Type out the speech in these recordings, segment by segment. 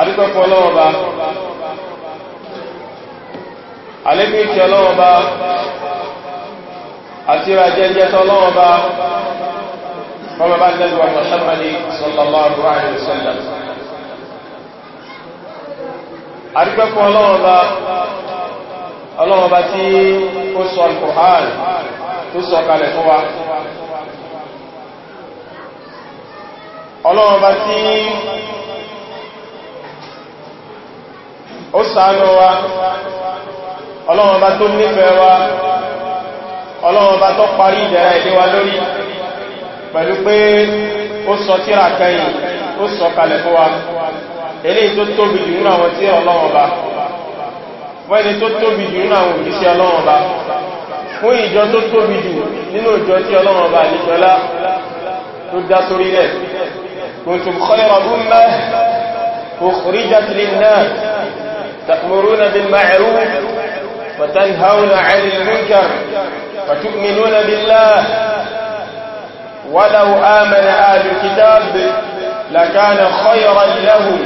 adúgbẹ́kọ́ ọlọ́ọba alẹ́gbẹ́ ìkẹ́ ọlọ́ọba àti ìrajẹ́jẹ́tọ́ ọlọ́ọba ọlọ́ọba lẹ́gbẹ́ àtàṣàmàlì sallallahu alaihi wasallam adúgbẹ́kọ́ ọlọ́ọba ọlọ́ọba tí ó sọ Al-Qur'an tó sọ kalẹ̀ fún wa ọlọ́ọba tí ó ṣàánú wa ọlọ́run bá tó nífẹ̀ẹ́ wa ọlọ́run bá tó parí ìdẹ̀ra ìdí wa lórí pẹ̀lú pé ó sọ tírà kẹyìn ó sọ kalẹ̀ fún wa eléyìí tó tóbi jù nínú àwọn tí ọlọ́run bá fún ẹni tó tóbi jù nínú àwọn òjíṣẹ́ ọlọ́run bá fún ìjọ tó tóbi jù nínú ìjọ tí ọlọ́run bá níjọlá tó dá sórí rẹ̀ kuntum khayra ummah ukhrijat lin-nas تأمرون بالمعروف وتنهون عن المنكر وتؤمنون بالله ولو آمن آل الكتاب لكان خيرا لهم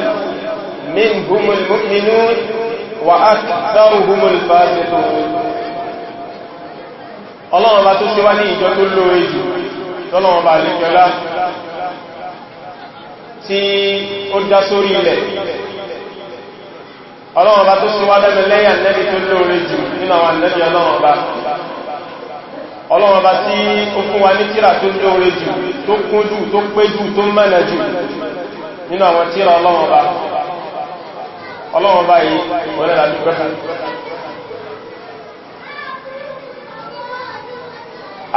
منهم المؤمنون وأكثرهم الفاسقون ọlọ́run bá tó ṣe wá ní ìjọ tó lóore jù tọ́lọ́run bá lè jọlá tí ó dá sórí ilẹ̀ ọlọ́run ọba tó ṣíwá lẹ́mẹ̀ lẹ́yìn ànẹ́bì tó lóore jù nínú àwọn ànẹ́bì ọlọ́run ọba ọlọ́run ọba tí ó fún wa ní tírà tó lóore jù tó kún jù tó pé jù tó mẹ́lẹ̀ jù nínú àwọn tírà ọlọ́run ọba ọlọ́run ọba yìí wọlé làdúgbẹ́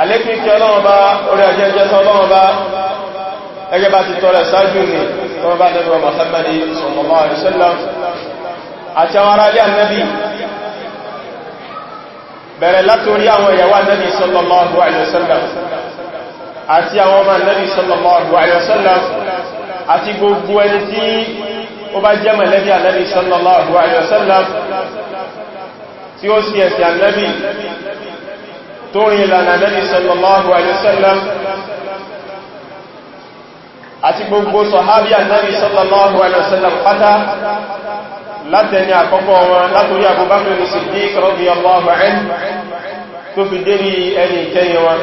àlékún kí ọlọ́run bá orí ajẹ́jẹ́ tán ọlọ́run bá ẹgẹ́ bá ti tọrẹ sáájú ní ọmọ bá nẹ́bí wa Muhammad sallallahu alaihi àti àwọn ará ilé annabi bẹ̀rẹ̀ látorí àwọn ìyàwó annabi sallallahu alaihi wasallam àti àwọn ọmọ annabi sallallahu alaihi wasallam àti gbogbo ẹni tí ó bá jẹ́ mọ̀lẹ́bí annabi sallallahu alaihi wasallam tí ó sì ẹ̀sì annabi tó rí ìlànà annabi sallallahu àti gbogbo sọ̀hábí annabi sallallahu alaihi pátá látẹni àkọ́kọ́ wọn látorí Abubakar Siddiq radiyallahu anhu tó fi dérí ẹni ìkẹyìn wọn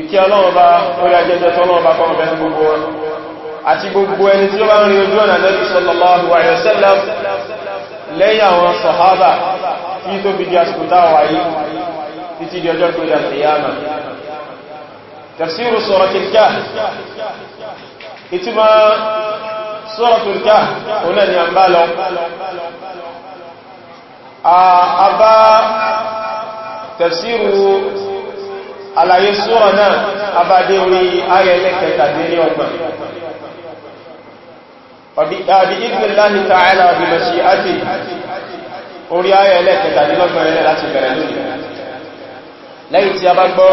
ìkí ọlọ́ọ̀bá orí ajẹ́jẹ́ tọ́lọ́ọ̀bá kọ́mọ̀ bẹ́ẹ̀ gbogbo wọn àti gbogbo ẹni tí ó bá ń rí ojú ọ̀nà Nabi sallallahu alaihi wasallam lẹ́yìn àwọn sàhábà tí tó fi di àsìkòtà wáyé títí di ọjọ́ tó dàtí yáma tafsiru suratul Kahf ìtumọ̀ Suratul Kahf ọ̀nà ni a bá lọ a bá tafsiru àlàyé sura náà a bá dé orí ayẹlẹ́ kẹtàdé ní ọgbà ọ̀bí idhnillahi ta'ala bi mashi'ati orí ayẹlẹ́ kẹtàdé lọ́gbà ẹlẹ́ láti bẹ̀rẹ̀ lónìí lẹ́yìn tí a bá gbọ́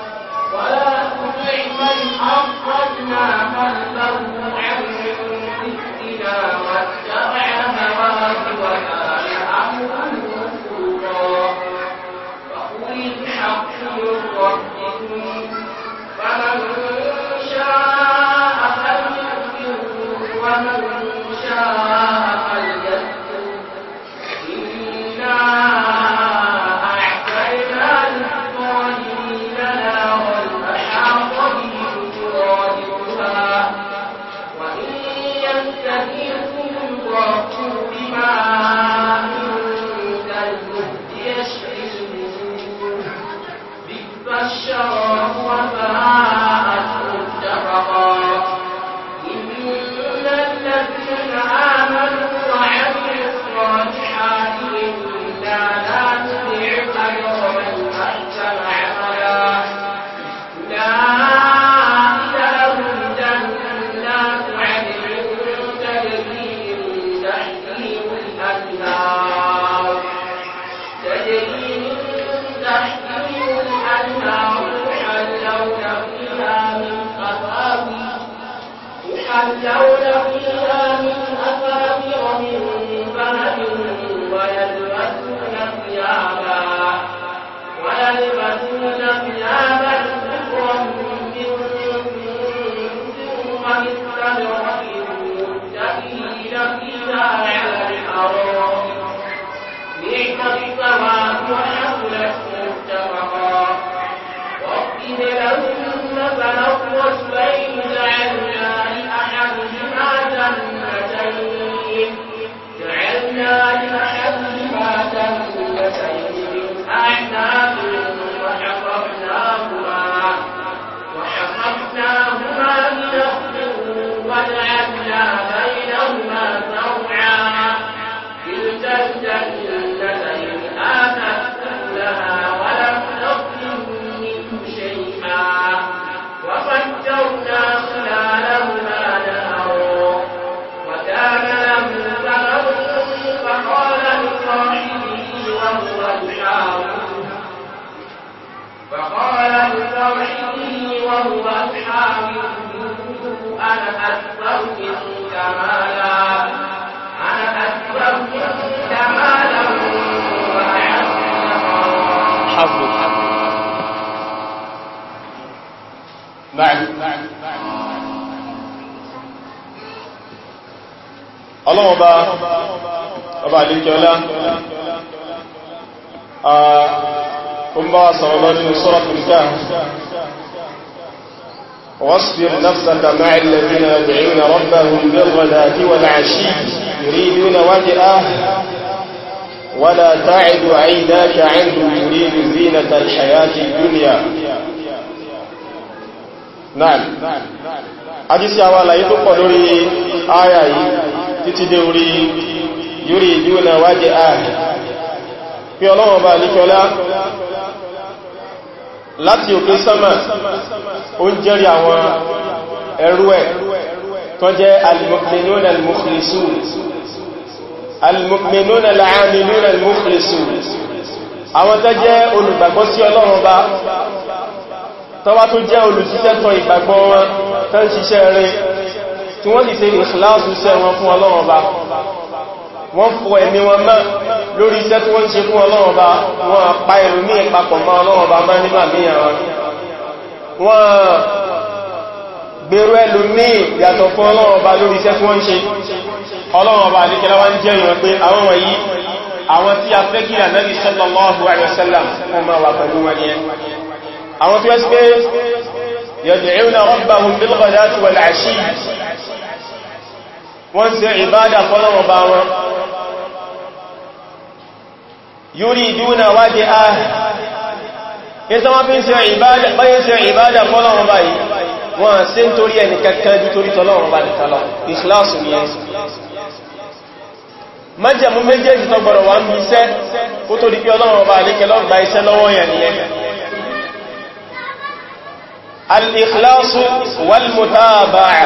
حققنا من لو وهو أصحابه أنا أكثر منك مالا أنا أكثر منك مالا حفظ حفظ بعد بعد ọlọ́wọ́ bá ọba àlékiọlá ó ń bá wa sọ̀rọ̀ lọ nínú sọ́rọ̀ tó ń dáa واصبر نفسك مع الذين يدعون ربهم بالغداة والعشي يريدون وجهه ولا تعد عيناك عنهم تريد زينة الحياة الدنيا نعم حديث أولا يتقى لوري آية تتدوري يريدون وجهه في الله وبالك الله láti òkè sánmà ó ń jẹ́rìí àwọn ẹrú ẹ̀ tó jẹ́ al-mu'minuna al-mukhlisun al-mu'minuna al-'amiluna al-mukhlisun àwọn tó jẹ́ olùgbàgbọ́ sí Ọlọ́run bá tó bá tó jẹ́ olùsíṣẹ́tọ̀ ìgbàgbọ́ wọn tó ń ṣiṣẹ́ rẹ̀ tí wọ́n ti ṣe ìṣìláàtúnṣẹ́ wọn fún Ọlọ́run bá wọ́n fọ ẹ̀mí wọn mọ́ lórí iṣẹ́ tí wọ́n ń ṣe fún ọlọ́run bá wọ́n pa ẹlòmí ìpapọ̀ mọ́ ọlọ́run bá má nígbà míyàn wọ́n gbèrú ẹlòmí yàtọ̀ fún ọlọ́run bá lórí iṣẹ́ tí wọ́n ṣe ọlọ́run bá wọ́n máa ìbádà fọ́lọ́wọ́ bá wọn yuriduna wajha ìta wọ́n fi ń ṣe ìbádà báyé ṣe ìbádà fọ́lọ́run báyìí wọ́n ṣe ń torí ẹni kankan jù torí tọ́lọ́run bá ní tọ́lọ́ ìṣláṣù ní ẹ̀sù májẹ̀mú méjèèjì tó gbọ́rọ̀ wà di pé al-ikhlasu wal-mutaba'a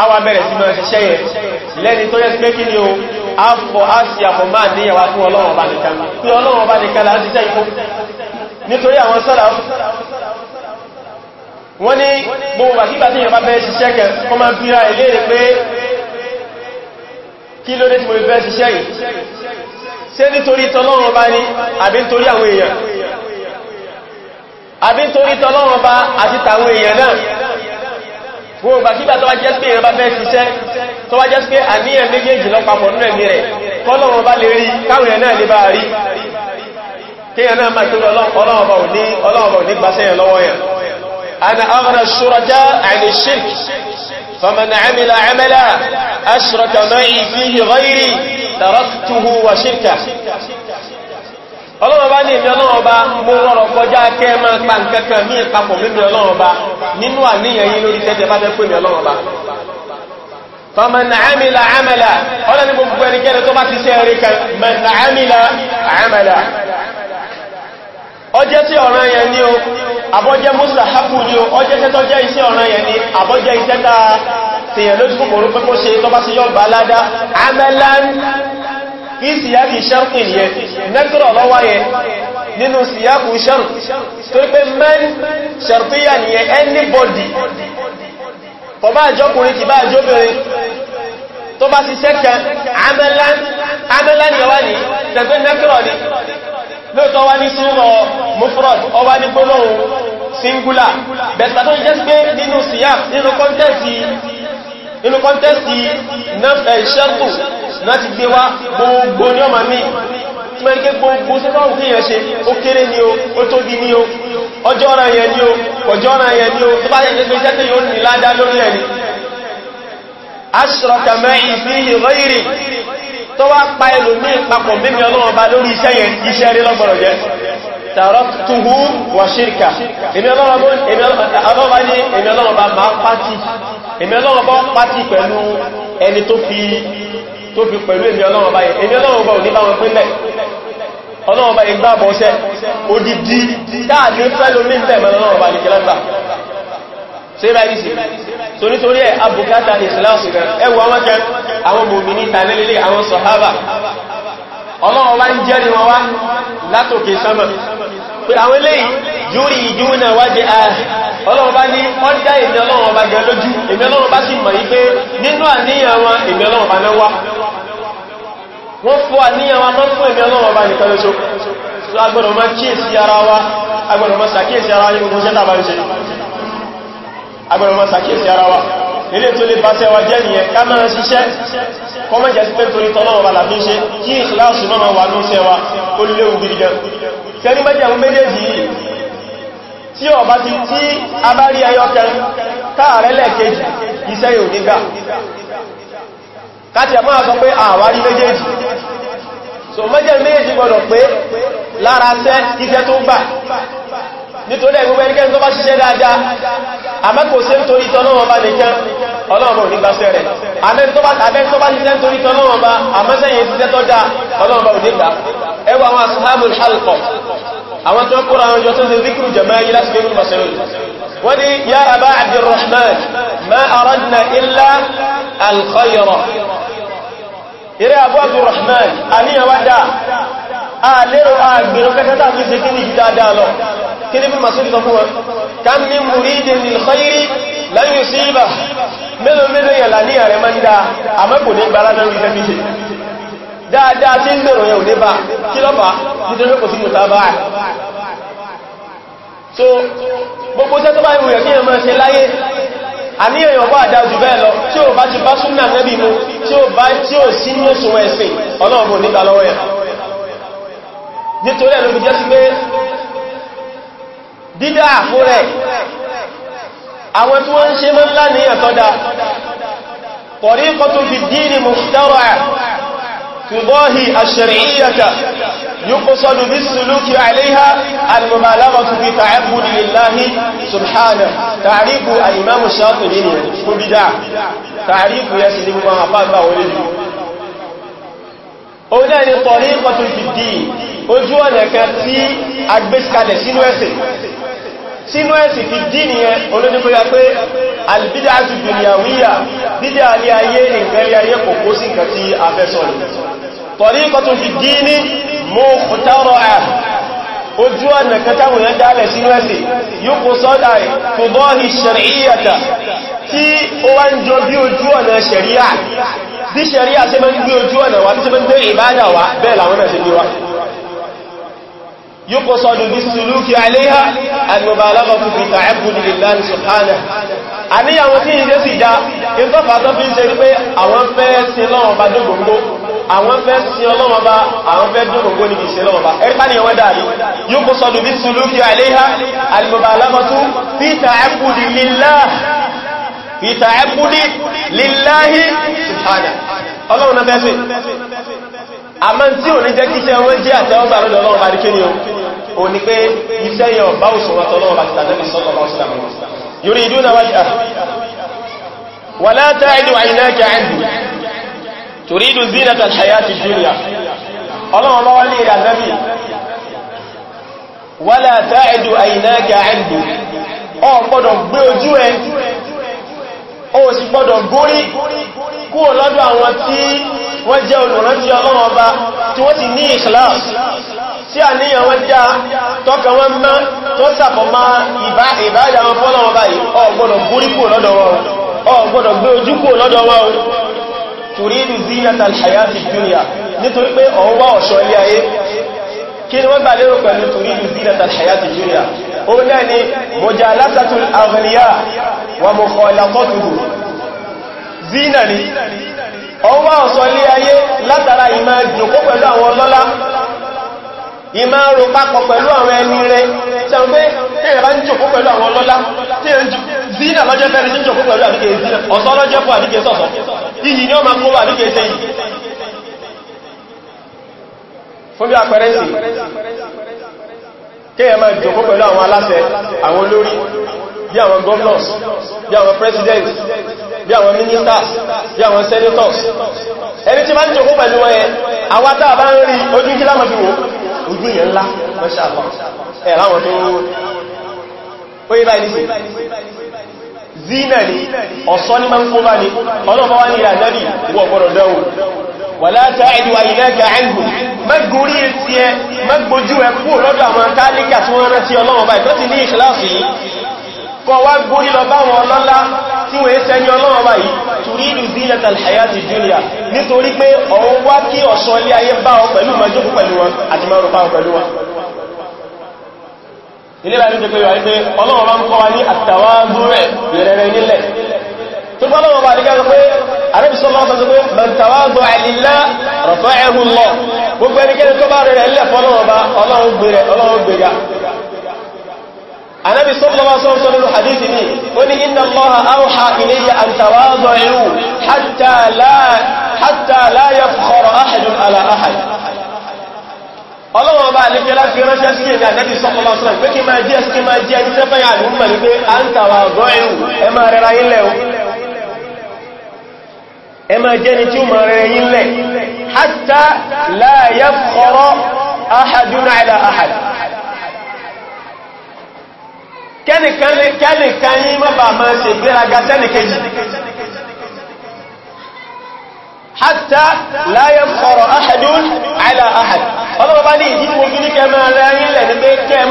a wá bẹ̀rẹ̀ sí máa ṣiṣẹ́ yẹn lẹ́ni tó yẹ́ pé kí ni o a fọ́ a sì àfọ́ máa níyàwó fún ọlọ́run ọba nìkan pé ọlọ́run ọba nìkan là ń ṣiṣẹ́ ikú nítorí àwọn sọ́là wọ́n ní gbogbo àkígbà tí yẹn bá bẹ́ẹ̀ ṣiṣẹ́ kẹ kọ́ máa bí ra ilé rẹ̀ pé kí ló dé tí mo fẹ́ ṣiṣẹ́ yìí ṣé nítorí tọ́lọ́run ọba ni àbí nítorí àwọn èèyàn àbí nítorí tọ́lọ́run ọba àti tàwọn èèyàn náà wo ba kígbà tó wá jẹ́ pé ẹ̀rọ fẹ́ ṣiṣẹ́ tó wá jẹ́ pé àníyàn méjèèjì lọ papọ̀ nínú ẹ̀mí rẹ̀ kọ́lọ̀wọ̀n bá lè rí káwọn ẹ̀ náà lè bá rí kí ẹ̀ náà máa tó ọlọ́ọ̀bọ̀ ní gbáṣẹ́yàn lọ́wọ́ yẹn ana aghna shuraka ani shirk faman amila amala ashraka ma'i fihi ghayri taraktuhu wa shirka ọlọ́run bá ní ìmì ọlọ́run ọba mo rọrọ̀ kọjá kẹ́ máa pa nǹkan kan ní ìpapọ̀ mímì ọlọ́run ọba nínú àníyàn yín lórí tẹ́tẹ́ bá fẹ́ pè mí ọlọ́run ọba faman amila amala ọlọ́ ní gbogbo ẹnikẹ́ni tó bá ti ṣe eré kan man amila amala ọjẹ́ sí ọ̀ràn yẹn ni o àbọ́jẹ́ mustahabu ni o ọjẹ́ tẹ́ tọ́jẹ́ iṣẹ́ ọ̀ràn yẹn ni àbọ́jẹ́ iṣẹ́ ta tèèyàn lójú kòkòrò pẹ́kọ́ ṣe tọ́bá sí yọ́ bá ládá amalan ní síyáàkì ṣẹ́rùkì yẹ nẹ́kìrọ̀ lọ́wọ́ yẹ nínú síyáàkù ṣẹ́rù tó pé mẹ́rin ṣẹ̀rùkíyà nìyẹ anybody kọ bá àjọkùnrin kì bá àjọbìnrin tó bá ti sẹ́kẹ̀ amẹ́lán yẹwà ní tẹ̀gbẹ́ nẹ́kìrọ̀ ní lóòtọ́ wá ní súnmọ̀ mufrod ọwá ní gbólóhùn singular bẹ̀sà tó jẹ́ pé nínú síyáàkù nínú inú kọ́ntẹ́sì ìṣẹ́kù láti gbé wá gbogbo ní ọmọ ní mẹ́rẹ́gẹ́ gbogbo sí fáwọn kí yẹn ṣe ó kéré ní o ó tóbi ní o ọjọ́ ọ̀rọ̀ yẹn ní o ọjọ́ ọ̀rọ̀ yẹn ní o tó bá yẹ́ pé sẹ́tẹ̀ yóò ní ládá lórí ẹni tó wá pa ẹlòmí papọ̀ mímí ọlọ́wọ́ bá lórí iṣẹ́ yẹn iṣẹ́ rí lọ́gbọ̀rọ̀ jẹ́ tààrọ́tùhú wà ṣírkà èmi ọlọ́wọ́ bá máa pàtì èmi ọlọ́wọ́ bá pàtì pẹ̀lú ẹni tó fi pẹ̀lú èmi ọlọ́wọ́ bá yẹ èmi ọlọ́wọ́ bá ò ní bá wọn pínlẹ̀ ọlọ́wọ́ bá síra ìsì so nítorí ẹ̀ abùkátà ìsìláàsì rẹ̀ ẹwọ wọn kẹ àwọn mòmìnì tànílélé àwọn sọ̀hábà ọlọ́wọ́ wá ń jẹ́ ni wọ́n wá látòkè sánmà pé àwọn eléyìí yóò ìjú náà wá jẹ́ ààrẹ ọlọ́wọ́ bá ní ọjá èmì ọlọ́wọ́ bá gẹ lójú èmì ọlọ́wọ́ bá sì mọ̀ yí pé nínú àníyàn wọn èmì ọlọ́wọ́ bá náà wá wọ́n fún àníyàn wọn mọ́ fún èmì ọlọ́wọ́ bá nìkan lóṣo agbọ́dọ̀ mọ́ kíyèsí ara wa agbọ́dọ̀ mọ́ sàkíyèsí ara yóò mọ́ sẹ́ta bá ń agbẹ̀rẹ̀ ma sàkíyèsí ara wa ilé tó lè bá sẹ́wà jẹ́ nìyẹn ká máa ṣiṣẹ́ kọmọ̀jẹ̀ sí pé torí tọ́lọ́wọ̀ bá làbí ṣe kí ìṣìláṣù máa ma wà ní sẹ́wà ó léwu gidi gan tẹ́rí mẹ́jẹ̀ àwọn méjèèjì yìí tí ọba ti tí a bá rí ẹyọ kẹrin káàrẹ́ lẹ́ẹ̀kejì iṣẹ́ yóò nígbà káti ẹ̀ máa sọ pé àwárí méjèèjì so mẹ́jẹ̀ méjèèjì gbọ́dọ̀ pé lára sẹ́ iṣẹ́ tó gbà nítorí ẹgbẹ́ ẹnikẹ́ni tó bá ṣiṣẹ́ dáadáa àmọ́ kò ṣe nítorí tọ́lọ́wọ́n bá nìkan ọlọ́run ò ní gbáṣẹ́ rẹ̀ àmẹ́ni tó bá ṣiṣẹ́ nítorí tọ́lọ́wọ́n bá àmọ́sẹ́yìn ṣiṣẹ́ tó dáa ọlọ́run bá ò ní gbà ẹwà àwọn ashabul halqa àwọn tó kúrò àwọn ìjọ tó ṣe zíkìrù jama'i láti gbé nípa sẹ́yìn wọ́n ni ya aba abdulrahman ma aradna illa alkhayra ìrẹ́ abu abdulrahman àníyàn wá dáa a lérò àgbèrò kẹta tàbí ṣe kí ní ìdáadáa lọ kí bí masu ìsọ fún wọn kan ní múrídì nìlkhairi lẹ́yìn sí ibà mélòó mélòó ní ààrẹ mọ́ ń dá àmẹ́kò ní gbára lórí ìfẹ́míṣẹ́ dáadáa tí ń bẹ̀rọ so gbogbo tẹ́ tó bá ìwò yẹ̀ kí ẹ nítorí ẹ̀ ló sí pé dídá fún rẹ̀ àwọn tí wọ́n ń ṣe mọ́lá ní ẹ̀tọ́dá طريقة في الدين مخترعة تضاهي الشرعية يقصد بالسلوك عليها المبالغة في تعبد لله سبحانه تعريف الإمام الشاطبي كبدا تعريف يسلم ما أفاد ولده òun náà ni tọ̀rí pọ̀tùlùfìdì ojú ọ̀nà kan tí a gbé kalẹ̀ sínú ẹ̀sìn sínú ẹ̀sìn fi dí nìyẹn olóníkóyà pé albídá àti dùnìyàwíyà dídá alẹ́ ayé nìkan rí ayé kò kó sí nǹkan tí a fẹ́ sọ tọ̀rí pọ̀tùlùfìdì ní mú ọ̀tọ́rọ̀ ẹ̀ ojú ọ̀nà kan táwọn èèyàn dálẹ̀ sínú ẹ̀sìn yóò kó sọ́dá ẹ̀ tó bọ́ọ̀lì ṣẹ̀ríyàtà tí ó wá ń jọ bí ojú ọ̀nà ṣẹ̀ríyà bí ṣẹ̀rí àṣẹ mẹ́ ń gbé ojú ọ̀nà wa bí ṣe mẹ́ ń gbé ìbádà wa bẹ́ẹ̀ làwọn náà ṣe gbé wa yóò kọ́ sọ́dún bí sùlúkì àìléhà àgbàbàlábà fún fi tààbùdì lillahi subhanahu àníyàwó tí ìdẹ́ sì já ìtọ́fà tó fi ń ṣe pé àwọn fẹ́ sí lọ́wọ́ bá dógóngó àwọn fi ta'abbudi lillahi subhanahu ọlọ́run náà fẹ́fẹ́ a máa tí ò ní jẹ́ kí iṣẹ́ wọn jẹ́ àtẹ́wọ́gbà lọ́dọ̀ ọlọ́run bá rí kí ni o ò ní pé iṣẹ́ yẹn ọ̀bá òṣùwọ́n tọ́lọ́run bá ti tàbí sallallahu alaihi wasallam yuriduna wajhahu wa la ta'idu 'aynaka 'anhu turidu zinata al dunya ọlọ́run bá wá ní ìrìn wa la ta'idu 'aynaka 'anhu ọ̀ gbọ́dọ̀ gbé ojú ẹ ó sì gbọ́dọ̀ górí kúrò lọ́dọ̀ àwọn tí wọ́n jẹ́ olùrántí Ọlọ́run Ọba tí wọ́n ti ní ikhlas tí àníyàn wọ́n já tọ́kà wọ́n mọ́ tó sàpọ̀ má ìbáàdà wọn fọ́lọ́run Ọba yìí ó gbọ́dọ̀ górí kúrò lọ́dọ̀ wọn ó gbọ́dọ̀ gbé ojú kúrò lọ́dọ̀ wọn turidu zinata al-hayati dunya nítorí pé ó ń wá ọ̀ṣọ́ ilé ayé kí ni wọ́n gbà lérò pẹ̀lú torí zinata al-hayati dunya ó náà ni mujalasatul aghniya wa mukhalaqatuhu zina ni ọwọ́ ọ̀sọ̀ ilé ayé látara ìmá jùkó pẹ̀lú àwọn ọlọ́lá ìmá rò papọ̀ pẹ̀lú àwọn ẹni rẹ̀ tẹ́wọ́n pé ẹ̀rẹ̀ bá ń jùkó pẹ̀lú àwọn ọlọ́lá tí ó ń jù fún bí àpẹẹrẹ sí kéèyàn máa jòkó pẹ̀lú àwọn aláṣẹ àwọn olórí bí àwọn governors bí àwọn presidents bí àwọn ministers bí àwọn senators ẹni tí bá ń jòkó pẹ̀lú wọn yẹn àwátá bá ń rí ojú kí lámọ̀ fíwò ojú yẹn ńlá mẹ́ṣàlá ẹ̀ láwọn tó ó yí báyìí sí zina ni ọ̀sọ́ ní máa ń kó bá ní ọlọ́pàá wá ní ìrànlẹ́bì wàlá tààdù àìlẹ́gà ẹ̀lù mẹ́gbórí sí ẹ mẹ́gbójú ẹ kú lọ́dọ̀ àwọn tálíkà tí wọ́n rẹ́ sí ọlọ́wọ́ báyìí tó ti ní ìṣẹ́láàfì yìí kọ wá gbórí lọ báwọn ọlọ́lá tí wọ́n ń sẹ́ni ọlọ́wọ́ báyìí torí ìlú zílẹ̀tà àyàtì júnìyà nítorí pé ọ̀hún wá kí ọ̀ṣọ́ ilé ayé bá ọ pẹ̀lú tó fọ́nà wọn bá dìkà sọ pé Ànábì sallallahu alaihi wasallam sọ pé man tawadu'a lillah rafa'ahu Allah gbogbo ẹnikẹ́ni tó bá rẹ̀ ilẹ̀ fọ́nà wọn bá ọlọ́run gbèrè ọlọ́run gbèrè Ànábì sallallahu alaihi wasallam sọ nínú hadith ni ó ní inna Allaha awha ilayya an tawadu'u hatta la hatta la yafkhara ahadun ala ahad ọlọ́wọ́ bá ní láti ránṣẹ́ sí èdè àdẹ́bì sọ́kọ́lá sọ́rọ̀ pé kí máa jẹ́ sí máa jẹ́ ẹni tẹ́fẹ́ yà ní mọ̀ pé à ń tàwà ọ̀gọ́ ẹ̀rù ẹ máa rẹra ilẹ̀ o ẹ máa jẹ́ni tí ó máa rẹ̀ yín lẹ̀ hatta la yafkhara ahadun ala ahad kẹ́nìkan yí mọ́bà máa ṣe ìgbéraga tẹ́nìkejì hatta la yafkhara ahadun ala ahad ọlọ́wọ́ bá ní ìdí mo fi ní kẹ́ máa rẹ̀ yín lẹ̀ ní kẹ́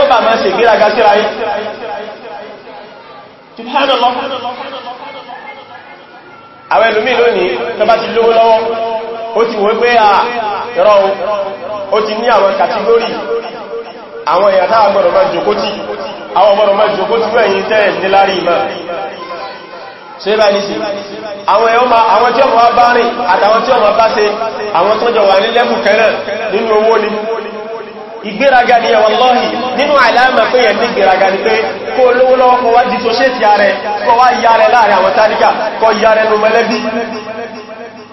àwọn ẹlòmí lónìí tó bá ti lówó lọ́wọ́ ó ti wọ́n pé à ah, ìrọ̀ ó ti ní àwọn kàtígórì àwọn èèyàn táwọn gbọ́dọ̀ máa jòkótì àwọn gbọ́dọ̀ máa jòkótì lẹ́yìn tẹ́ẹ̀ nílárí ìmọ̀ ṣe bá ní sí àwọn ẹ̀ọ́mà àwọn tí ọmọ bá rìn àtàwọn tí ọmọ bá ṣe àwọn tó jọ wà ní lẹ́kùn kẹrẹ nínú owó ni ìgbéraga ni ẹwà lọ́hì nínú àìláàmà pé yẹn ní ìgbéraga ni pé kó olówó lọ́wọ́ kọ wá jí tó ṣe ti ààrẹ kọ wá ìyá rẹ láàrin àwọn táníkà kọ ìyá rẹ ló mẹ́lẹ́bí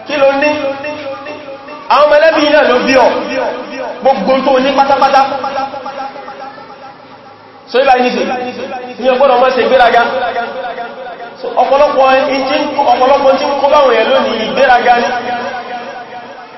kí ló ní àwọn mẹ́lẹ́bí náà ló bí ọ gbogbo tó ní pátápátá so ibà ní sí ní ọ̀pọ̀lọpọ̀ tí ń kó báwọn ẹ̀ lónìí ìgbéraga ni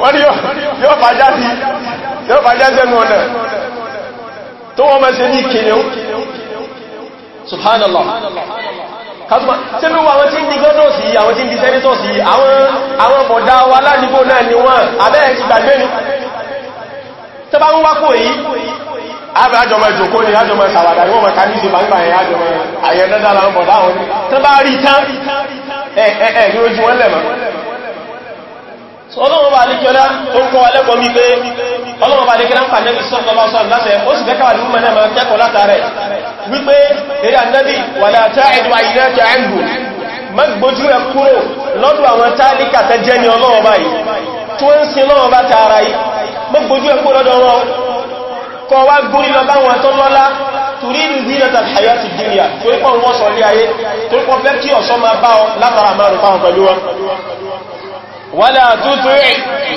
wọ́n ni yóò fàjá sí yóò fàjá sẹ́nu ọ̀nà tó wọ́n mẹ́ sí ní kìnnìún subhanallah kásùmá tí ló wà àwọn tí ń di gọ́dọ̀ sí àwọn tí ń di sẹ́nítọ̀ sí àwọn bọ̀dá wa ládìgbò náà ni wọ́n abẹ́ẹ̀ ti gbàgbé ni tó bá ń wákò yìí àbẹ́ àjọmọ̀ ìjòkó ni àjọmọ̀ ìsàwàdà ìwọ̀n mẹ́ta ní ìsìnbà ń gbà ẹ̀ àjọmọ̀ àyẹ̀dẹ́dà láwọn bọ̀dá wọn tó bá rí tán ẹ̀ẹ̀ẹ̀ ní ọlọ́run bá alékiọlá orúkọ alẹ́kọ̀ọ́ mi pé ọlọ́run bá alékiọlá ń pa nẹ́bí sọ́lọ́lọ́sọ́ láṣẹ ó sì fẹ́kàwà ní mọ́nà ma kẹ́kọ̀ọ́ látàrẹ wípé eré ànẹ́bí wà láàtà ẹ̀dù àìrẹ́jà ẹ̀gbù mẹ́gbójú ẹ kúrò lọ́dọ̀ àwọn tálíkà tẹ́ jẹ́ ní ọlọ́run báyìí tó ń sin lọ́run bá tààrà yìí mẹ́gbójú ẹ kúrò lọ́dọ̀ wọn kọ wá gúrí lọ báwọn tó lọ́lá torí ìlú zinata hayati dunya torípọ̀ wọ́n sọ ní ayé torípọ̀ fẹ́ kí ọ̀ṣọ́ máa bá ọ látara márùn-ún pẹ̀lú wọn ولا تطع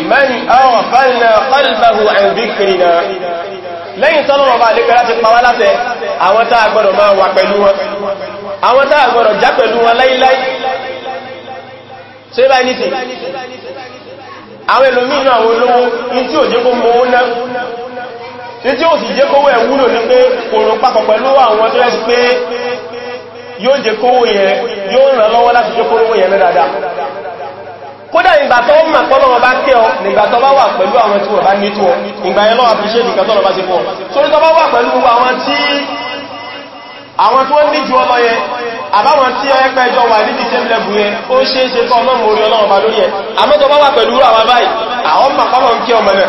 من أغفلنا قلبه عن ذكرنا lẹ́yìn tọ́lọ́wọ́ bá lè kẹ́lá ti pa wá látẹ̀ àwọn tàà gbọ́dọ̀ máa wà pẹ̀lú wọn àwọn tàà gbọ́dọ̀ já pẹ̀lú wọn láíláí ṣe bá ní ti àwọn ẹlòmínú àwọn olówó in tí ò jẹ́ kó mọ́ ná in tí ò sì yóò jẹ́ kówó yẹn yóò ràn lọ́wọ́ láti jẹ́ kówó yẹn dáadáa kódà ìgbà tó mọ̀ pọ́lọ́wọ́ bá tẹ́ ọ nígbà tó bá wà pẹ̀lú àwọn tí wọ́n bá ní tó ọ ìgbà yẹn lọ́wọ́ àfiṣẹ́ nìkan tọ́lọ bá ti fọ́ torí tó bá wà pẹ̀lú àwọn tí àwọn tí wọ́n ní ju ọlọ yẹn àbáwọn tí ẹ pẹ́ jọ wà ní dìtẹ́ lẹ́bù yẹn ó ṣe é ṣe kọ́ ọmọ orí ọlọ́run bá lórí ẹ̀ àmọ́ tó bá wà pẹ̀lú àwọn báyìí àwọn màkọ́mọ̀ ń kí ọmọ náà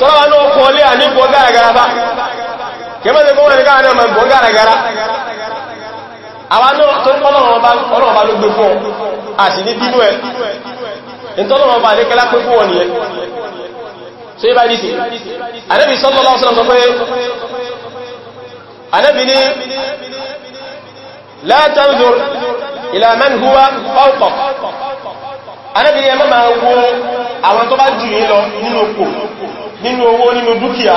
tọ́lọ́wà náà kọ́ lé àníkù ọgáragara bá kẹmọ́lẹ̀ kọ́ wọ́n ní káà náà mọ̀ ọgáragara àwọn náà tó kọ́ ọlọ́run bá ló gbé fún ọ àti ní bínú ẹ ìtọ́lọ́wọ́ bá lékẹ́lá pé fún wọn nìyẹn so ibá dìtì anẹ́bì sallallahu alaihi wasallam pé anẹ́bì ní la tanzur ila man huwa fawqa anẹ́bì ní ẹmọ́ máa wo àwọn tó bá jù yí lọ nínú okò nínú owó nínú dúkìá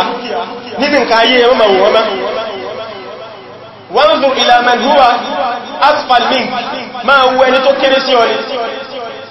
níbi nǹkan ayé ẹmọ́ máa wọ́n wanzur ila man huwa asfal mink máa wo ẹni tó kéré sí ọ ni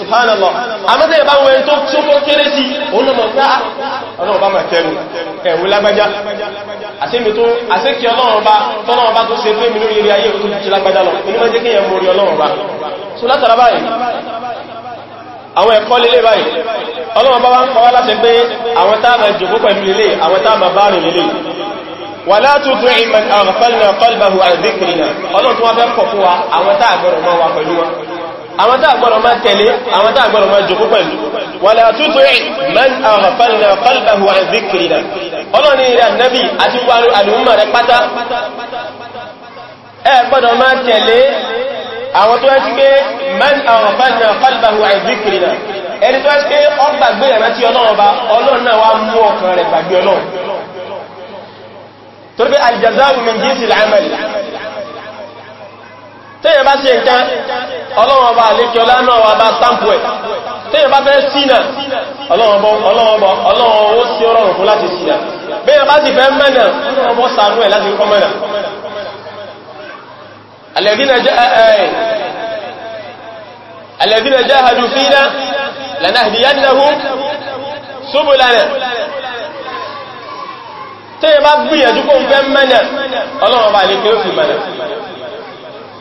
subhanallah àmọ́tẹ́ ìbá wọn tó tó kó kéré sí ah, ọlọ́ọ̀bá ma kẹrù ẹ̀wù lágbájá àṣẹ́mi tó àṣẹ́kì ọlọ́ọ̀bá tọ́lọ́ọ̀bá tó ṣe fẹ́ mi lórí eré ayé tó jí lágbájá lọ inú mẹ́jẹ́ kí yẹn mórí ọlọ́ọ̀bá so látara báyìí àwọn ẹ̀kọ́ lélé báyìí ọlọ́wọ́ bá wá ń kọwá láti pé àwọn táàmà jùkú pẹ̀lú lélé àwọn táàmà bá rìn lélé wà látútù ìmẹ̀ àrùfẹ́lẹ̀ kọlbàhù àdíkìrìnà ọlọ́tún wá fẹ́ kọ̀ fún wa àwọn táàmà rọ̀ mọ́ wa pẹ̀lú wọn àwọn tá àgbọ́nà máa tẹ̀lé àwọn tá àgbọ́nà máa jòkó pẹ̀lú wala tuti' man aghfalna qalbahu an dhikrina ọlọ́ni rẹ̀ nẹ́bí àti wàrú àlùmọ̀ rẹ̀ pátá ẹ gbọ́dọ̀ máa tẹ̀lé àwọn tó ẹ́sí pé man aghfalna qalbahu an tẹ́yẹ bá ṣe nǹkan ọlọ́wọ́n bá àlejò lánà wà bá stampu ẹ̀ tẹ́yẹ bá fẹ́ sínà ọlọ́wọ́n ó sí ọrọ̀rùn fún láti sínà bẹ́yẹ bá sì fẹ́ mẹ́nà ọlọ́wọ́ sànú ẹ̀ láti kọ́ mẹ́nà alladhina jahadu fina lanahdiyannahum subulana tẹ́yẹ bá gbìyànjú kó ń fẹ́ mẹ́nà ọlọ́wọ́n bá àlejò fi mẹ́nà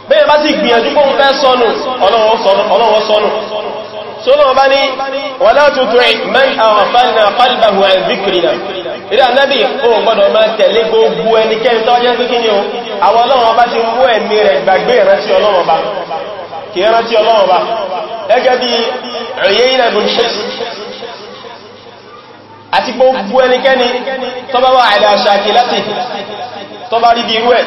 bẹ́ẹ̀ bá sì gbìyànjú kó ń fẹ́ sọnù ọlọ́wọ́ sọnù sọ́lọ́wọ́ bá ní wala tuti' man aghfalna qalbahu an dhikrina ilé anábì ohun gbọ́dọ̀ máa tẹ̀lé gbogbo ẹnikẹ́ni tó jẹ́ pé kí rí bí irú ẹ̀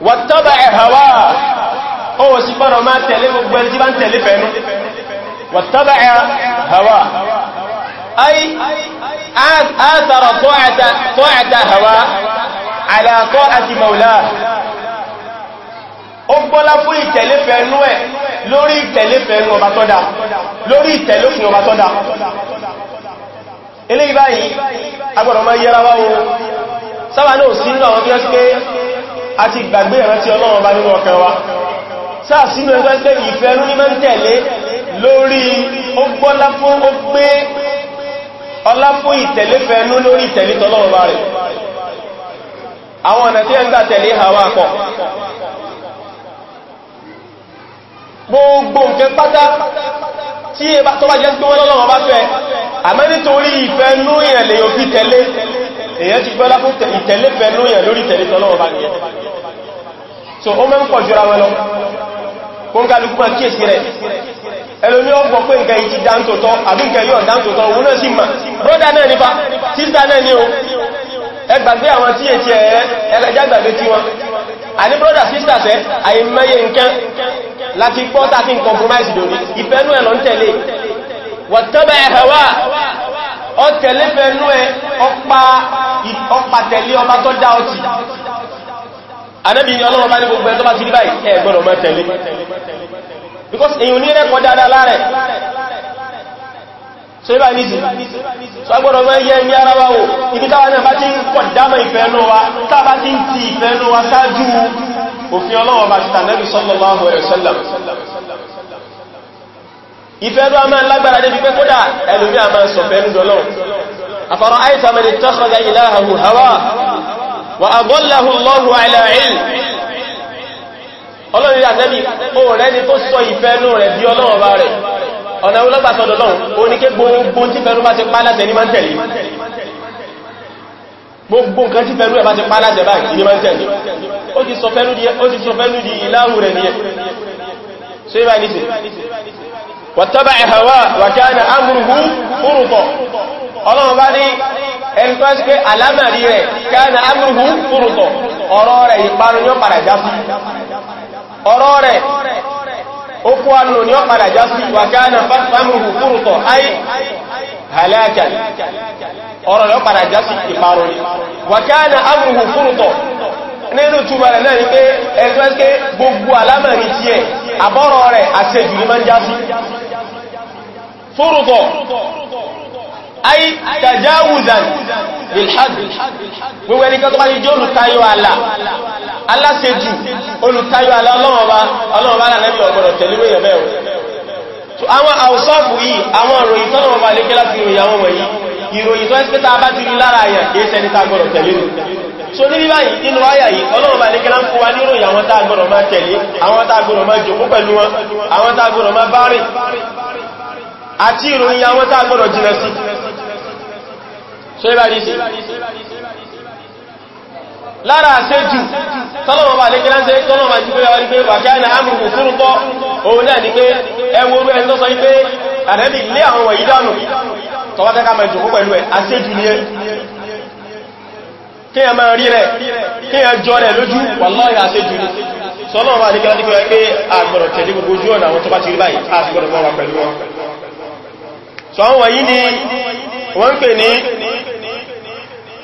wàtọ́bà ẹ̀hàwà ó wò sí gbọ́nà máa tẹ̀lé gbogbo ẹni tí bá ń tẹ̀lé fẹ́nu wàtọ́bà ẹ̀hàwà ay áàtàrà tọ́ẹ̀ta hàwà àlàkọ́ àti maula ó gbọ́lá fún ìtẹ̀lé fẹ́nu ẹ̀ lórí ìtẹ̀lé fẹ́nu ọba tọ́dá lórí ìtẹ̀lé fún náà sínú bí wọ́n ti pé àti ìgbàgbé ìrántí ọlọ́run bá nínú ọkàn wa sáà sínú ẹgbẹ́ pé ìfẹ́ ẹnu ní mẹ́rin tẹ̀lé lórí ó gbọ́lá fún ó gbé ọlá fún ìtẹ̀léfẹ́ ẹnu lórí ìtẹ̀lé tọ́lọ́run bá rẹ̀ àwọn ọ̀nà tí ẹ ń gbà tẹ̀lé àwa pọ̀ gbogbo nǹkan pátá tí ẹ bá tọ́bá jẹ́ sí wọ́n lọ́wọ́ bá fẹ́ àmẹ́ nítorí ti gbọ́lá fún ìtẹ̀léfẹ́ núyẹ̀ lórí tẹ̀lé tọ́lọ́wọ́ bá nìyẹn so ó mẹ́ ń pọ̀ jùra wọn lọ kónkálukú máa kíyèsí rẹ̀ ẹlòmí ọgbọ̀ pé nǹkan yìí ti dáńtòtọ́ àbí nǹkan yóò dáńtòtọ́ òun náà sì mà brọ́dà náà nípa sísà náà ní o ẹgbàgbé àwọn tí èsì ẹ̀ẹ́ ẹlẹ́jàgbàgbé tí wọn àní brọ́dà sísà sẹ́ àìmẹ́yẹ nǹkan láti pọ́ tàbí compromise lórí ìfẹ́nú ẹ̀ lọ ń tẹ̀lé wọ̀tọ́bẹ̀ ẹ̀hẹ̀wà ọ tẹ̀lé fẹ́nú ẹ ọpa tẹ̀lé ọba tó dá ọtí anábi ni ọlọ́wọ́ bá ní gbogbo ẹ̀tọ́ bá ti rí báyìí ẹ gbọ́dọ̀ mọ́ tẹ̀lé because èyàn ní rẹ̀kọ́ dáadáa láàrẹ̀ so ibá ní sí so agbọ́dọ̀ mọ́ yẹ ní ara wa o ibi táwa náà bá ti ń pọ̀ dámọ̀ ìfẹ́ ẹnu wa tábá ti ń ti ìfẹ́ ẹnu wa ṣáájú òfin ọlọ́wọ́ bá ti tànẹ́bì sallallahu alaihi wasallam ìfẹ́ وأضله الله على علم ọlọ́run rí àtẹ́bí o rẹ̀ ni tó sọ ìfẹ́nú rẹ̀ bí ọlọ́run bá rẹ̀ ọ̀nà olọ́gbà sọ́dọ̀ lọ́run o ní ké gbogbo tí fẹ́nú bá ti pá láti ẹni máa ń tẹ̀lé wàtàbà ẹ̀hàwà wàkánà ámùrùhù fúrùtọ̀ ọlọ́run bá ní ẹni tó ẹ́sì pé alámàrí rẹ̀ kánà ámùrùhù fúrùtọ̀ ọ̀rọ̀ rẹ̀ ìparun yóò padà já sí ọ̀rọ̀ rẹ̀ okú anù ni ó padà já sí wàkánà ámùrùhù fúrùtọ̀ ay halakan ọ̀rọ̀ rẹ̀ ó padà já sí ìparun wàkánà ámùrùhù fúrùtọ̀ nínú túnbà rẹ̀ náà ni pé ẹgbẹ́ gbogbo alámàrí tí ẹ̀ àbọ́rọ̀ rẹ̀ àṣẹjù ni máa ń já sí فرضا أي تجاوزا بالحد gbogbo ẹni kan tó bá ní jẹ́ olùtayọ àlà aláṣejù olùtayọ àlà ọlọ́mọba ọlọ́mọba alánẹ́bí ọgbọ̀rọ̀ tẹ̀lúwé yẹ̀ bẹ́ẹ̀ tó àwọn àwọsọ́fù yìí àwọn ìròyìn tó lọ́mọba lè kí láti ìròyìn àwọn wọ̀nyí ìròyìn tó ẹ́sẹ́ tàbá ti rí lára àyà kìí sẹ́ni tàgbọ̀rọ̀ tẹ̀lé so ní bíbáyìí inú ayà yìí ọlọ́ọ̀bà ní kílá ń fún wa ní ìròyìn àwọn tàgbọ̀rọ̀ máa tẹ̀lé àwọn tàgbọ̀rọ̀ máa jòkó pẹ̀lú wọn àwọn tàgbọ̀rọ̀ máa bá rìn àti ìròyìn àwọn tá gbọ́dọ̀ jìnà sí ṣe bá rí sí lára àṣẹ́jù tọ́lọ̀wọ̀ bá lékẹ́ láti tọ́lọ̀ máa ti pé wà wípé wà òun náà ni pé ẹwọ orú ẹni sọ àrẹ́bì lé àwọn wọ̀nyí dánù mẹ́jọ pẹ̀lú ẹ̀ ẹ kí ẹ máa rí rẹ̀ kí ẹ jọ rẹ̀ lójú so àwọn wọ̀nyí ni wọ́n ń pè ní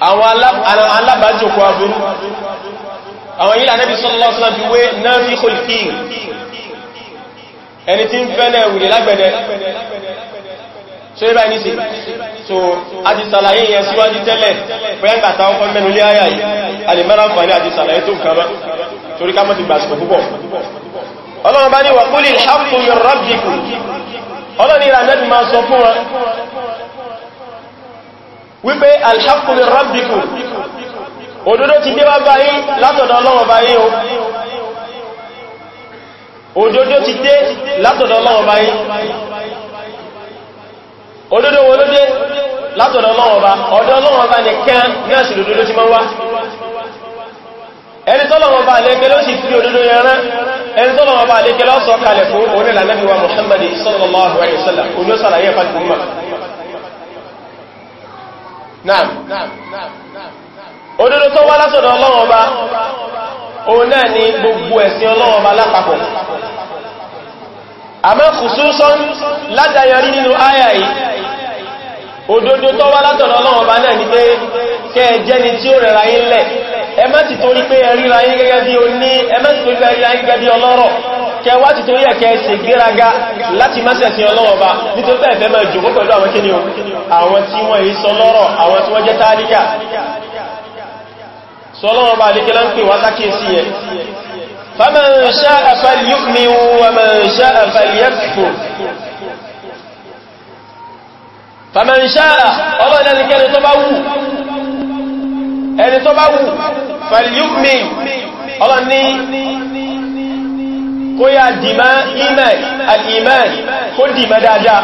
àwọn alábàájòkó aburú àwọn yìí lànẹ́bí sallallahu alaihi wasallam fi wé náà fi kò kí ẹni tí ń fẹ́lẹ̀ wùlẹ̀ lágbẹ̀dẹ̀ so ibá ní sí so a ti sàlàyé yẹn síwájú tẹ́lẹ̀ pẹ́yàngàta ọkọ̀ mẹ́nu lé ayà yìí alìmẹ́ra ń fàní àti sàlàyé tó kama torí ká mọ́ ti gbàsìkò ọlọ́ni ìrànlẹ́bì máa sọ fún wọn wípé alhaqqu min rabbikum òdodo ti dé bá báyí látọ̀dọ̀ Ọlọ́run báyí o òdodo ti dé látọ̀dọ̀ Ọlọ́run báyí òdodo wo ló dé látọ̀dọ̀ Ọlọ́run bá ọ̀dọ̀ Ọlọ́run bá nìkan náà ẹni tọ́lọ̀wọ̀n bá lẹ́kẹ́ ló sì fi òdodo yẹn rán ẹni tọ́lọ̀wọ̀n bá lẹ́kẹ́ ló sọ kalẹ̀ fún orílẹ̀ alẹ́bíwa Muhammad sallallahu alaihi wasallam olú sàlàyé fatima naam òdodo tó wá lásọ̀dọ̀ Ọlọ́run Ọba òun nínú áyà òdodo tó wá látọ̀nà ọlọ́wọ̀n bá náà ní pé kẹ́ ẹ jẹ́ni tí ó rẹ̀ra yín lẹ̀ ẹ má ti torí pé ríra yín gẹ́gẹ́ bí oní ẹ má ti torí pé ríra yín gẹ́gẹ́ bí ọlọ́rọ̀ kẹ wá ti torí ẹ̀kẹ́ ṣe gbéraga láti má ṣẹ̀sìn فمن شاء فليؤمن ومن شاء فليكفر fàmẹ́rin ṣáà ọlọ́ ẹnikẹ́ni tó bá wù ẹni tó bá wù fàlìyùmí ọlọ́ ní kó yá dìmá ìmẹ̀ alìmẹ̀ kó dìmá dáadáa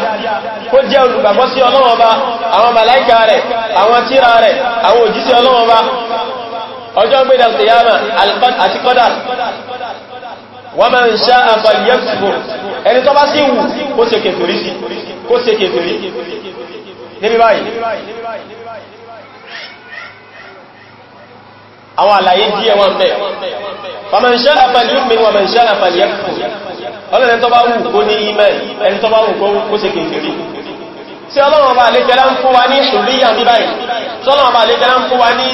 kó jẹ́ olùgbàgbọ́ sí Ọlọ́run Ọba àwọn màláìkà rẹ̀ àwọn tírà rẹ̀ àwọn òjíṣẹ́ Ọlọ́run ọjọ́ gbé wa man sha'a falyakfur ẹni tó bá sí wù kó ṣe kèfèrí sí kó ṣe kèfèrí níbi báyìí àwọn àlàyé díẹ̀ wọn bẹ̀. faman sha'a falyu'min wa man sha'a falyakfur ọlọ́rin tó bá wù kó ní imẹ́ ẹni tó bá wù kó ṣe kèfèrí tí ọlọ́run ọba àlékẹ́lá ń fún wa ní ṣùlíyà ní báyìí tí ọlọ́run ọba àlékẹ́lá ń fún wa ní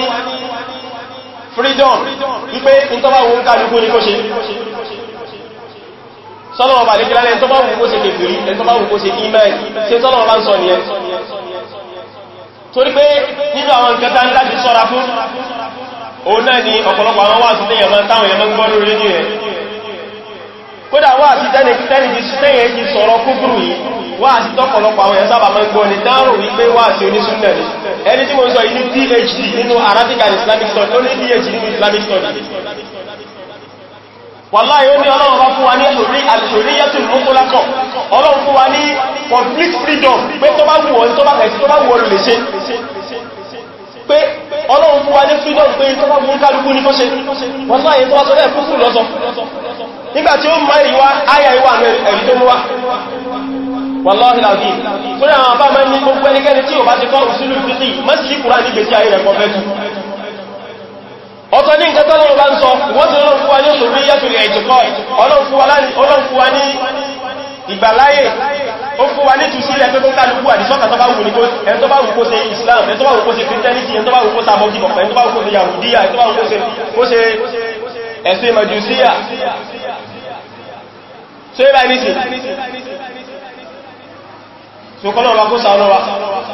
freedom wípé ìtọ́bá wo ń kálukú ní kó ṣe tọ́lọ̀wọ̀ bà lékílá lẹ́n tó bá wù kó ṣe kèfèrí lẹ́n tó bá wù kó ṣe ìmánì ṣe tọ́lọ̀wọ̀ bá ń sọ nìyẹn torí pé nínú àwọn nǹkan tá ń láti sọ́ra fún òun náà ni ọ̀pọ̀lọpọ̀ àwọn wáàsí tẹ́yẹ̀ máa táwọn èèyàn ń gbọ́rú rédíò ẹ̀ kódà wáàsí tẹ́yẹ̀ ti sọ̀rọ̀ kúkúrú yìí wáàsí tọ́pọ̀lọpọ̀ àwọn èèyàn sábà máa ń gbọ́ ni dáàrò wípé wáàsí onísúnnà ni ẹni tí mo sọ inú PhD nínú Arabic and Islamic studies ó ní PhD nínú Islamic studies wàláyé ó ní ọlọ́run bá fún wa ní orí al complete freedom pé tó bá wù ọ́ tó bá kẹ̀sí tó bá wù ọ́ lè ṣe pé ọlọ́run fún wa ní freedom pé tó bá mú kálukú ní tó ṣe wọ́n sọ àyè tó wá sọ́lẹ̀ fún fún lọ́sọ nígbà tí ó mọ ìwá àyà ìwà ẹ̀rí tó mú wá wàláhìlá bí fúnra àwọn bá mẹ́ ní gbogbo ẹnikẹ́ni tí ò bá ti kọ́ òṣìlú títí mọ́sí kúrá ní gbèsè ayé rẹ̀ pọ̀fẹ́ tún ọ̀tọ̀ ní nǹkan tọ́lọ́run bá ń sọ wọ́n ti ọlọ́run fún wa ní òṣòrí yàtò ìrìn ẹ̀jẹ̀kọ́ ọlọ́run fún wa ní ìgbàláyè ó fún wa nítù sílẹ̀ pé kó kálùkú àdìsọ́kà tó bá wù ní kó ẹn tó bá wù kó ṣe Islam ẹn tó bá wù kó ṣe Christianity ẹn tó bá wù kó sàmọ́gì ọ̀pẹ́ ẹn tó bá wù kó ṣe Yahudiya ẹn tó bá wù kó ṣe ẹ̀sẹ̀ Majusiya so ẹ bá ní sí so kọ́nà ọba kó sàánà wa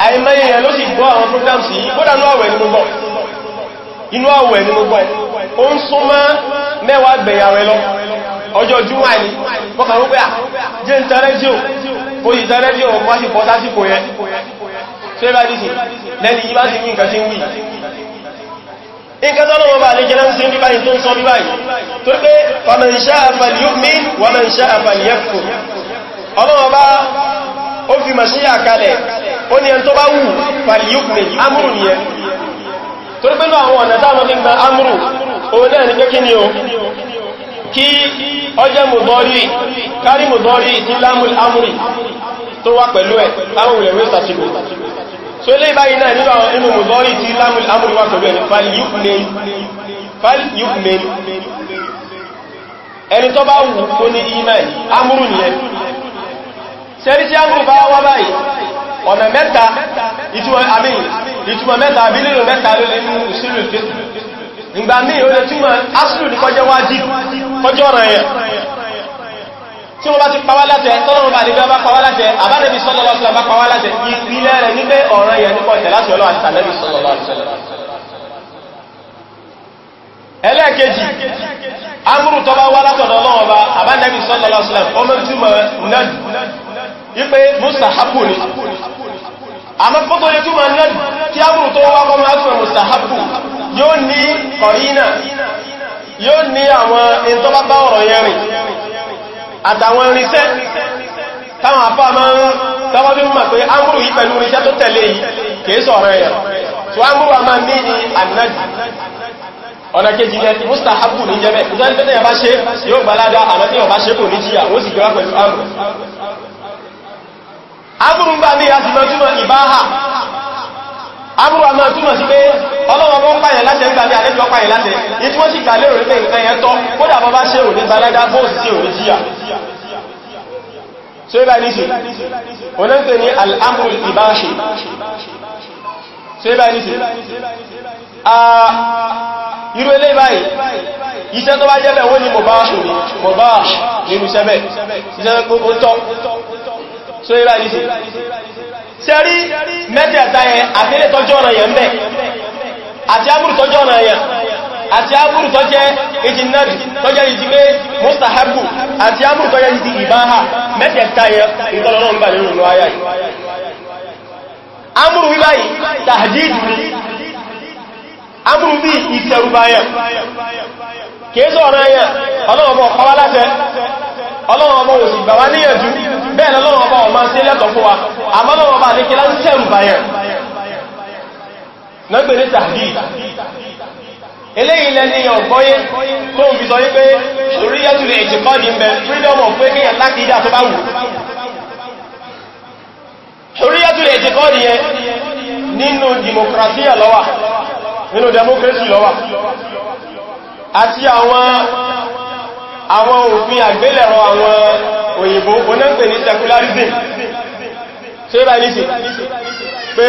àìmẹ́yẹ ló sì gbọ́ àwọn programs yìí kódà inú àwẹ̀ ni ó ń súnmọ́ mẹ́wàá gbẹ̀yàwẹ̀ lọ ọjọ́ júmọ́ ní mọ́kà ń pẹ́ ah, à jẹ́ ń tan rédíò kó yìí tan rédíò ọkọ̀ àṣìkò sásìkò yẹn ṣe bá dìsì lẹ́ni yí bá sì ní nǹkan tí ń wí nǹkan tọ́lọ́wọ́ bá lè jẹ́ láti ń bíbáyìí tó ń sọ bíbáyìí tó pé faman sha'a falyu'min wa man sha'a falyakfur ọlọ́wọ́ bá ó fi màṣíyà kalẹ̀ ó ní ẹn tó bá wù falyu'min amúrù nìyẹn torí pé náà àwọn ọ̀nà táwọn gba amúrù òun náà ní pé kí ni o kí ọjẹ́ mùdọ́rí kárí mùdọ́rí tí lámùl amúrì tó wá pẹ̀lú ẹ̀ táwọn ìrẹ̀wé sàtìkò so ilé ìbáyìí náà nínú àwọn inú mùdọ́rí tí lámùl amúrì wá pẹ̀lú ẹ̀ falyukmin ẹni tó bá wù ọ̀nà mẹ́ta ìtumọ̀ mẹ́ta abílẹ̀lò mẹ́ta ló lè mú ìṣírò ìfẹ́ ìgbà míì ó lè túnmọ̀ asìlù ní kọjẹ́ wájí kọjọ́ ọ̀rọ̀ ẹ̀yẹ tí wọ́n bá ti pàwá látẹ̀ tọ́lọ́run bá nígbà bá pàwá látẹ̀ àbádẹ́bí sọ́lọ́lọ́sọ́lọ́ bá pàwá látẹ̀ ìpìlẹ̀ rẹ̀ nígbẹ́ ọ̀rọ̀ ẹ̀yẹ nípa ọ̀tẹ̀ láti ọlọ́ àti tàbẹ́bí sọ́lọ́lọ́sọ́lọ́ ẹlẹ́ẹ̀kejì amúrù tọ́bá wá látọ̀dọ̀ ọlọ́ọ̀bá àbádẹ́bí sọ́lọ́lọ́sọ́lọ́ ọmọ wípé mustahabu ni àmọ́ kótó yẹ túnmà náà kí ábùrù tó wá kọmọ ápùpẹ̀ mustahabu yóò ní kọ̀yínà yóò ní àwọn ìntọ́bábá ọ̀rọ̀ yẹn rìn àtàwọn irinṣẹ́ táwọn afá máa ń tọ́wọ́ bí mọ̀ pé ámúrù yí pẹ̀lú irinṣẹ́ tó tẹ̀lé yìí kìí sọ̀rọ̀ ẹ̀yà tó ámúrù a máa ní ní ànájì ọ̀nà kejì ẹ̀ mustahabu ní jẹ́bẹ̀ ìjọ́ abúrúgbà ní àti mọ́túnmọ̀ ìbáhà abúrúgbà máa túnmọ̀ sí pé ọlọ́wọ́ bọ́ pààyàn láti ẹgbà ní àlejò pààyàn láti ní tí wọ́n sì gbàlérò pé nǹkan yẹn tọ́ kódà bọ́ bá ṣe òní gbalẹ́dá bóòsì sí òní so ira ìdí sẹ́rí mẹ́tẹ̀ẹ̀ta yẹn àtẹ́lẹ̀ tọ́jú ọ̀nà yẹn bẹ́ àti ábùrù tọ́jú ọ̀nà yẹn àti ábùrù tó jẹ́ ìjìnnàbì tó jẹ́ ìjì pé mustahabu àti ábùrù tó jẹ́ ìjì ìbáha mẹ́tẹ̀ẹ̀ta yẹn ìtọ́lọ́lọ́ ń gbà nínú ìlú ayá yìí ábùrù wíbá yìí tàjíjù ní ábùrù bí ìtẹrùbáyẹ̀ ọlọ́run ọba òsì gbà wá níyànjú bẹ́ẹ̀ ọba ọmọ wa ọba ní kí lá ń sẹ́rù báyàn lọ́gbẹ̀ ní tàbí eléyìí lẹ́ni ọ̀gbọ́yé tó ń fi sọ wípé orí yẹ́tù lè ti kọ́ ní mẹ́ freedom of pé kíyàn láti ìdá àwọn òfin àgbélẹ̀rọ àwọn òyìnbó onáńpẹ̀ ní secularism ṣe bá ní ṣe pé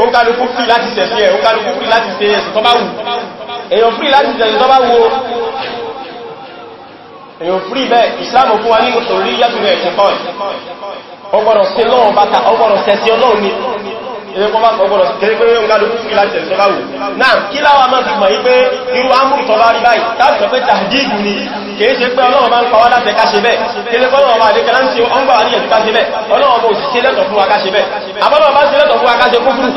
o kálukú free láti tẹ̀sí ẹ̀ o kálukú free láti tẹ̀ ẹ̀sì tó bá wù èyàn free láti tẹ̀sí tó bá wù o èyàn free bẹ́ẹ̀ ìsìláàmù fún wa nínú torí yàtùrẹ̀ ẹ̀kùn kọ́ ẹ̀ ọgbọ̀rọ̀ sí ọlọ́run bàtà ọgbọ̀rọ̀ sẹ́sí ọlọ́run ni kìí ṣe pé ọlọ́run bá ń pa wá láti ká ṣe bẹ́ẹ̀ kìí pé ọlọ́run bá lè kẹ́lá ń ṣe ọgbà ní ẹ̀sùn ká ṣe bẹ́ẹ̀ ọlọ́run bó sì ṣe lẹ́tọ̀ fún wa ká ṣe bẹ́ẹ̀ àbọ́lọ́run bá ṣe lẹ́tọ̀ fún wa ká ṣe kúfúrú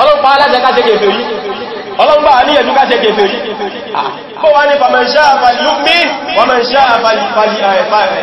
ọlọ́run pa aláṣẹ ká ṣe kèfè yìí ọlọ́gbà ní ẹ̀dú káṣẹ kèfè ah, kó wá ní fàmẹ̀ṣẹ́ àfàlì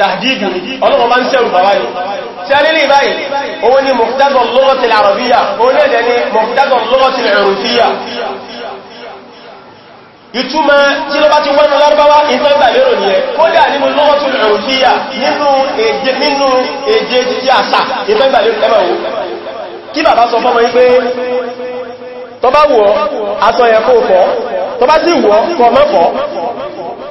tàdídù ọlọ́run máa ń sẹ́rù bàbá yìí tí a nílé báyìí òun ni mọ̀kútàgọ̀ lọ́rọ̀tì àrọ̀bíyà òun ní ẹ̀dẹ̀ ni mọ̀kútàgọ̀ lọ́rọ̀tì ẹ̀rùfíyà ìtumọ̀ tí ló bá ti wọ́n lárúbáwá ìtọ́gbà lérò ní ẹ kódà nínú lọ́rọ̀tì ẹ̀rùfíyà nínú èdè títí àṣà ìtọ́gbà lérò ẹmọ̀wó kí bàbá sọ fọ́mọ yí pé tọba wọ́ aṣọ ẹ̀kọ́ fọ́ tọba sí wọ́ kọ̀ mọ́fọ́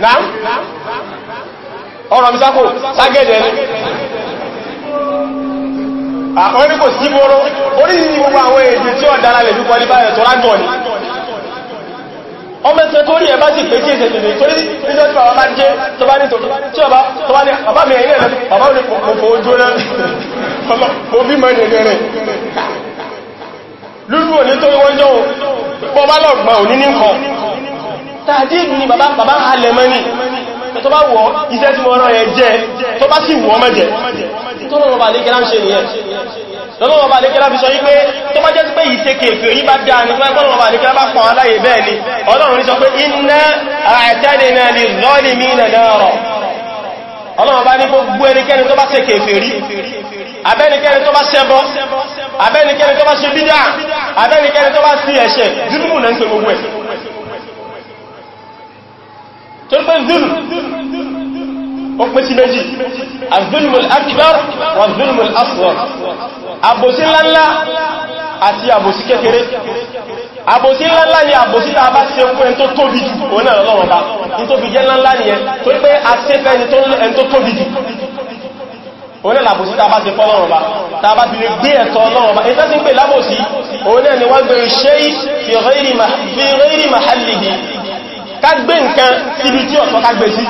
náà ọ̀rọ̀ misákò ságẹ́jẹ̀ ni àwọn ní kò sí bóró orí ní gbogbo àwọn èdè tí ó dára lè ní kọlíbáyẹ̀ tó rájọ̀ ni ọmọ ẹsẹ̀ tó rí ẹbá sì pé kí èsẹ̀ tèdè torí níjọ́ tí bàbá bá jẹ́ tó bá ní tí ọba tó bá ní bàbá mi ẹ̀yìn ẹ̀lẹ́ bàbá ní kòfò ojú rẹ̀ òbí mọ́ ẹ̀dẹ̀ rẹ̀ lúrú òní tó wọ́n jọ́ bọ́bá lọ́gbọ̀n òní ní nǹkan tàdíìdù ni bàbá bàbá halẹ̀ mọ́ ní tó bá wọ́ iṣẹ́ tí wọ́n rán ẹ jẹ́ tó bá sì wọ́ mẹ́jẹ̀ tó lọ́wọ́ bà lékẹ́lá ń ṣe nìyẹn lọ́wọ́ bà lékẹ́lá fi sọ yí pé tó bá jẹ́ sí pé ìṣẹ́kẹ̀ èfè yí bá dáa ní pẹ́ tọ́lọ́wọ́ bà lékẹ́lá bá pọ̀ aláyè bẹ́ẹ̀ ni ọlọ́run sọ pé inna a'tadna lizzalimina nara ọlọ́run bá ní gbogbo ẹnikẹ́ni tó bá ṣe kèfèrí abẹ́nikẹ́ni tó bá ṣẹbọ abẹ́nikẹ́ni tó bá ṣe bídá abẹ́nikẹ́ni tó bá sí ẹ̀ṣẹ̀ dúdúmù náà ń pè gbogbo ẹ̀ tó pé zulm ó pín sí méjì azulmul akbar wa zulmul asghar àbòsí ńláńlá àti àbòsí kékeré àbòsí ńláńlá ni àbòsí tàà bá ṣe fún ẹni tó tóbi jù òun náà lọ́wọ́ bá ní tó fi jẹ́ ńláńlá ni ẹ tó pé a ṣe fẹ́ ẹni tó tóbi jù òun náà àbòsí tàà bá ṣe fọ́ lọ́wọ́ bá tàà bá ti gbé ẹ̀tọ́ lọ́wọ́ bá ẹ̀tọ́ sí pé lábòsí òun náà ni wọ́n kágbé nǹkan síbi tí ọ̀tọ́ kágbé sí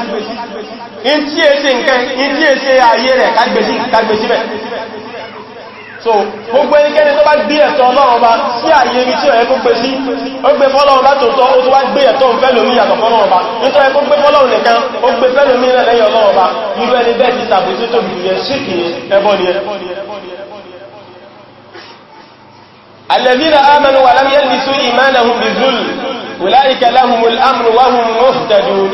in tí è ṣe nǹkan in tí è ṣe ayé rẹ̀ kágbé sí kágbé síbẹ̀ so gbogbo ẹnikẹ́ni tó bá gbé ẹ̀tọ́ ọlọ́run bá sí àyè ibi tí ó yẹ kó الذين آمنوا ولم يلبسوا إيمانهم بظلم ulaika lahumul amru wa hum muhtadun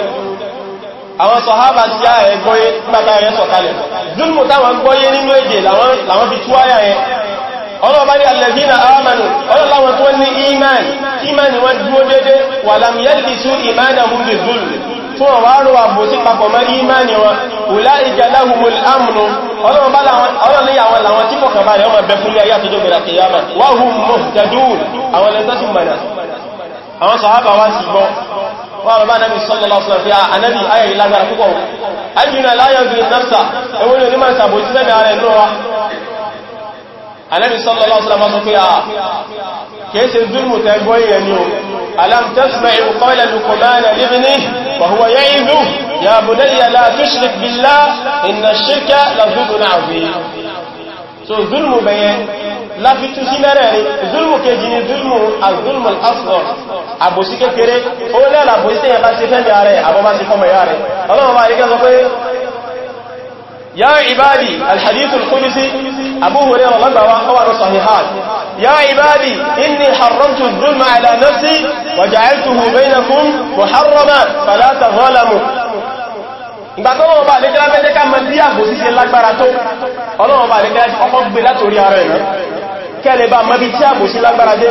àwọn sọ̀hábà tí a ẹ̀ gbọ́yé pàtàkì rẹ̀ sọ̀kalẹ̀ zulmù táwọn gbọ́yé nínú èdè làwọn fi túwáyà ẹ̀ ọlọ́ọ̀bá ní alladhina amanu ọlọ́láwọn tó ní iman iman wọn dúó dédé wa lam yalbisu imanahum bizulm fún ọ̀wárò àbòsí papọ̀ mọ́ ìmáni wọn ulaika lahumul amnu ọlọ́lẹ́yàwọn làwọn tí kọ̀kàbà rẹ̀ wọ́n bẹ fún ilé ayá tó jẹ́ gbẹ̀rẹ̀ àwọn sàhábà wá sí gbọ́ wọ́n rọ̀ bá náà sallallahu alaihi wasallam anábì ah, ayẹ̀ ìlágbára púpọ̀ ayìnà láyọ̀ bí náfsà ewé ní onímọ̀ ìsàbò tí lẹ́mẹ̀ ara ẹ̀nú wa anábì sallallahu alaihi wasallam sọ pé a ah, kìí ṣe zulmù tẹ́ gbọ́ ìyẹn ni o alam tasma'u qawla Luqman li ibnihi wa ya bunayya la tushrik billah inna ash-shirka la dhulmun 'azim so zulmù bẹ̀yẹn láfi tú sí mẹ́rẹ̀rin zulmù kejì ni zulmù azulmù asghar àbòsí kékeré ó lẹ́lá àbòsí tẹ́yẹ bá ti fẹ́mẹ̀ ààrẹ àbọ́bá ti fọ́mọ̀ ìyá rẹ̀ ọlọ́run bá ikẹ́ sọ pé ya ibadi alhadith alqudsi abu hurairah lagbawa kọwàá lọ sahihan ya ibadi inni harramtu zulma ala nafsi wa ja'altuhu bainakum muharrama fala tazalamu ìgbàtọ́wọ́ bá lè jẹ́ lábẹ́jẹ́ ká mọ̀ bí àgbòsí ṣe lágbára tó ọlọ́wọ́ bá lè ọkọ̀ gbé látorí ara ẹ̀nà kẹ́lẹ̀ bá mọ́bí tí àbò sí lágbára dé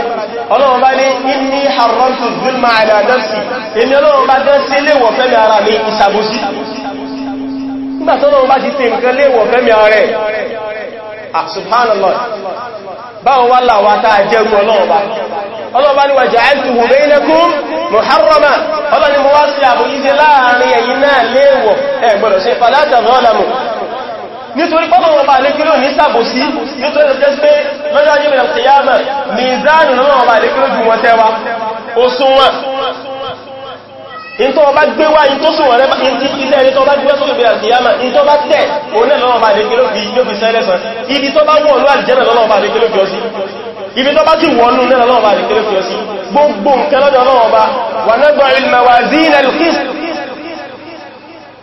ọlọ́run bá ní inni haramtu zulma ala nafsi èmi ọlọ́run bá gán sí léwọ̀ fẹ́mi ara mi ìsàbòsí nígbàtọ́lọ́run bá ti fi nǹkan léwọ̀ fẹ́mi ara wá láwá tàà jẹ́rù ọlọ́run bá ọlọ́run bá ní wa ja'altuhu bainakum nítorí pọ́lọ̀wọ̀ bá lè kílò ní sàbòsí nítorí jẹ́ pé lọ́jọ́ ayé mẹ́rin ti yáàmà ní ìzánù lọ́wọ́ bá lè kílò jù wọn tẹ́wà ó súnwọ́n ìntọ́ ọba gbé wá ìntó súnwọ̀n rẹ̀ ilẹ̀ ẹni tó bá gbé sókè bí àti yáàmà ìntọ́ bá tẹ̀ òun lọ́wọ́ bá lè kílò fi yóò fi sẹ́lẹ̀sàn ibi tó bá wọ̀ lọ́wọ́ àjẹ́rẹ̀ lọ́wọ́ bá lè kílò fi ọ sí ibi tó bá ti wọnú lẹ́nà lọ́wọ́ bá lè kílò fi ọ sí gbogbo nǹkan lọ́dọ̀ lọ́wọ́ bá wà náà gbọ́ ilmawazin al-qist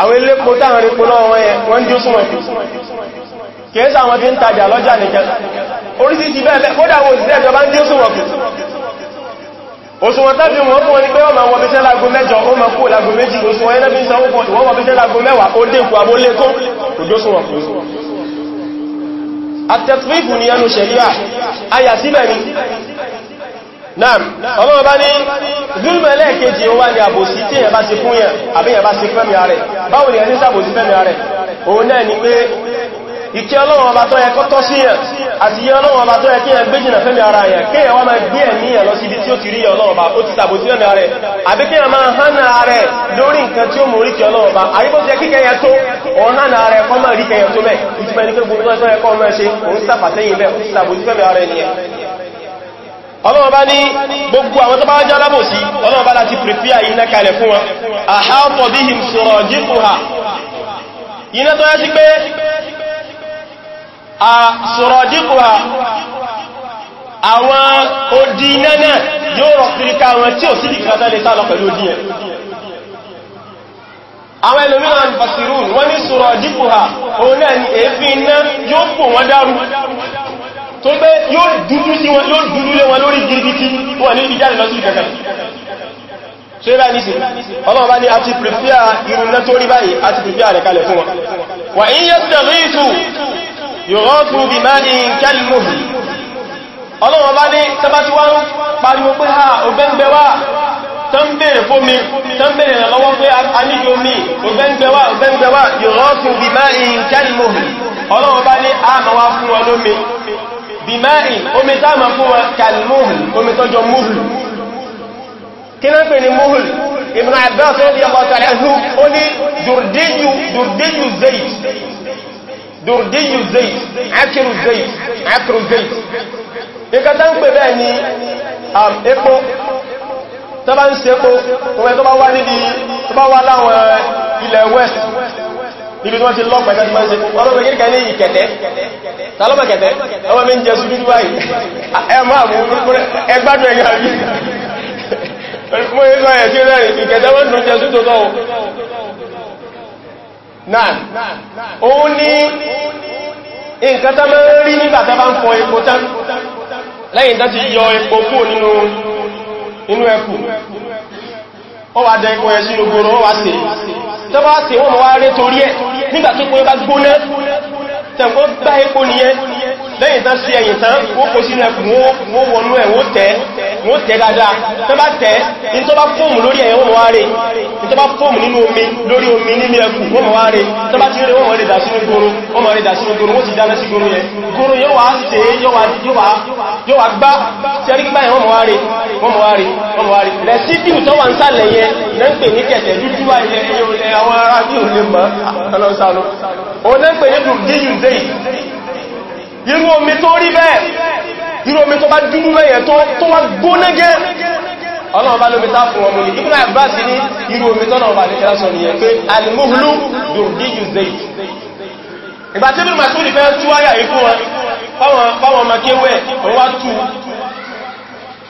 àwọn ilépo táwọn ilépo lọ́wọ́ wọ́n jí ó súnmọ̀ sí kìíṣà àwọn tí ń tajà lọ́jà nìkan orísìsì bẹ́ẹ̀ kódà wo ìsìlẹ̀ ìjọba ń jí ó súnmọ̀ sí òṣùwọ̀n tàbí wọn fún ẹni pé wọ́n ma wọ́n fi sẹ́lágó mẹ́jọ ó ma kú ìlàgó méjì òṣùwọ̀n ẹni fi sanwó kan ìwọ́n wọ́n fi sẹ́lágó mẹ́wàá ó dé ìkù abólékó òjóṣùwọ̀n fún àtẹ̀fífù ni ẹnu ṣẹ̀ríà ayà síbẹ̀ ni naam ọmọ bá ní zulmẹ̀lẹ́ kejì ó wá ní àbòsí tí èyàn bá ti fún yẹn àbí èyàn bá ti fẹ́mi ààrẹ báwo ni ẹni sàbòsí fẹ́mi rẹ̀ òun náà ni pé ìkẹ́ ọlọ́run ọba tó yẹ kó tọ́ sí yẹn àti yẹ ọlọ́run ọba tó yẹ kí yẹn gbé jìnà fẹ́mi ara yẹn kí yẹn wá máa gbé ẹ̀mí yẹn lọ síbi tí ó ti rí ọlọ́run ọba ó ti sàbòsí fẹ́mi rẹ̀ àbí kí yẹn máa hánà rẹ̀ lórí nǹkan tí ó mú orí kí ọlọ́run ọba àríkó ti kíkẹ́ yẹn tó òun hánà rẹ̀ kọ́ máa rí kẹyẹn tó mẹ́ ìtumẹ̀ ní pé gbogbo ẹ̀kọ́ mẹ́ ṣe òun sàfàtẹ́yìn bẹ́ẹ̀ ó ti sàbòsí fẹ́mi ara yẹn ọlọ́wọ́ bá ní gbogbo àwọn tó bá jẹ́ ọlọ́wọ́ bá láti pèfíà iná kalẹ̀ fún wọn àháọ́tọ̀ bí i sọ̀rọ̀ ha iná tó yá sí pé a sọ̀rọ̀ jíkù ha àwọn odi iná náà yóò rọ̀ kìríkà wọn tí ò sí sálọ tó pé yóò dúdú sí wọn yóò dúdú lé wọn lórí gírígítí wọn ní ìjáde lọ sí ìkẹta ṣe bá ní sí ọlọ́ọ̀bá ní àti pìrìfíà ìrùnlẹ́ tó rí báyìí àti pìrìfíà rẹ̀ kalẹ̀ fún wọn wà ní yẹ́sùdẹ̀ ríìtù yóò bí máa ní kẹlùmù ọlọ́ọ̀bá ní tẹbátí wá ń pariwo pé ha ògbẹ́ngbẹ́wà tán bèèrè fún mi tán bèèrè lọ́wọ́ pé a nílò mi ògbẹ́ngbẹ́wà ògbẹ́ngbẹ́wà yóò rọ́ọ̀tù bí máa ń kẹlùmù ọlọ́ọ̀bá ní àmà wá fún ọlọ́mi bìmáì omi táàmà fún wa kalmohul omi tọ́jọ muhul kí náà pè ní muhul Ibn Abbas radiyallahu ta'ala anhu ó ní dùrdíyù dùrdíyù zayt dùrdíyù zayt akíru zayt akíru zayt ìkà tán pè bẹ́ẹ̀ ni um, epo tọ́bá ń sepo òun ẹ̀ tọ́bá wá níbi uh, ilẹ̀ west ibi tí wọ́n ti lọ́pàá ìtàtí máa ń se ọlọ́pàá kíríkẹ́ ní ìkẹ̀tẹ́ tàlọ́pàá kẹ̀tẹ́ ọwọ́ mi ń jẹ ṣubí dubai ẹmọ́ ẹgbádùn ẹgbẹ́ àbí mo ń sọ ẹ̀sí rẹ̀ ìkẹ̀tẹ́ wọ́n tún jẹ ṣú tó tọ́wọ́ náà ó ní nǹkan tó máa ń rí nígbà tó bá ń fọ epo tán lẹ́yìn tó ti yọ epo kúrò nínú ẹkù wọ́n wá dẹ ikun ẹ̀sí ogoro wọ́n wá sí tó bá sí wọ́n wá rẹ́ torí ẹ̀ nígbàtí kó bá gbóná tẹ̀kọ́ bá epo nìyẹn lẹ́yìn tán sí ẹ̀yìn tán ó kó sínú ẹkùn ó wọnú ẹ̀ ó tẹ́ ó tẹ́ dáadáa tó bá tẹ́ ní tó bá fóòmù lórí ẹ̀yìn wọ́n wá rẹ̀ ní tó bá fóòmù nínú omi lórí omi nínú ẹkùn wọ́n wá rẹ̀ tó bá ti rẹ̀ wọ́n rẹ̀ dà sínú goro wọ́n rẹ̀ dà sínú goro wọ́n ti dáná sí goro yẹn goro yóò wá tẹ́ yóò wá gbá sẹ́rí gbá ẹ̀ wọ́n wá rẹ̀ wọ́n wá rẹ̀ wọ́n wá rẹ̀ rẹ̀sídìù tó wà ń sàlẹ̀ yẹn lẹ́ńpẹ̀ ní kẹ̀kẹ́ dúdú wà ilẹ̀ àwọn ará bí ò lè irú omi tó rí bẹ́ẹ̀ irú omi tó bá dúdú bẹ́yẹn tó wá gbóná gẹ́ ọlọ́run bá lómi tá fún ọmọ ní Ibn Abbas ní irú omi tọ́nà wà ní kílásọ nìyẹn pé al-muhlu durdiyu zayt ìgbà tí bílùmà tó nìfẹ́ tú ayà ikú wọn fáwọn ọmọ kéwẹ́ wọ́n wá tú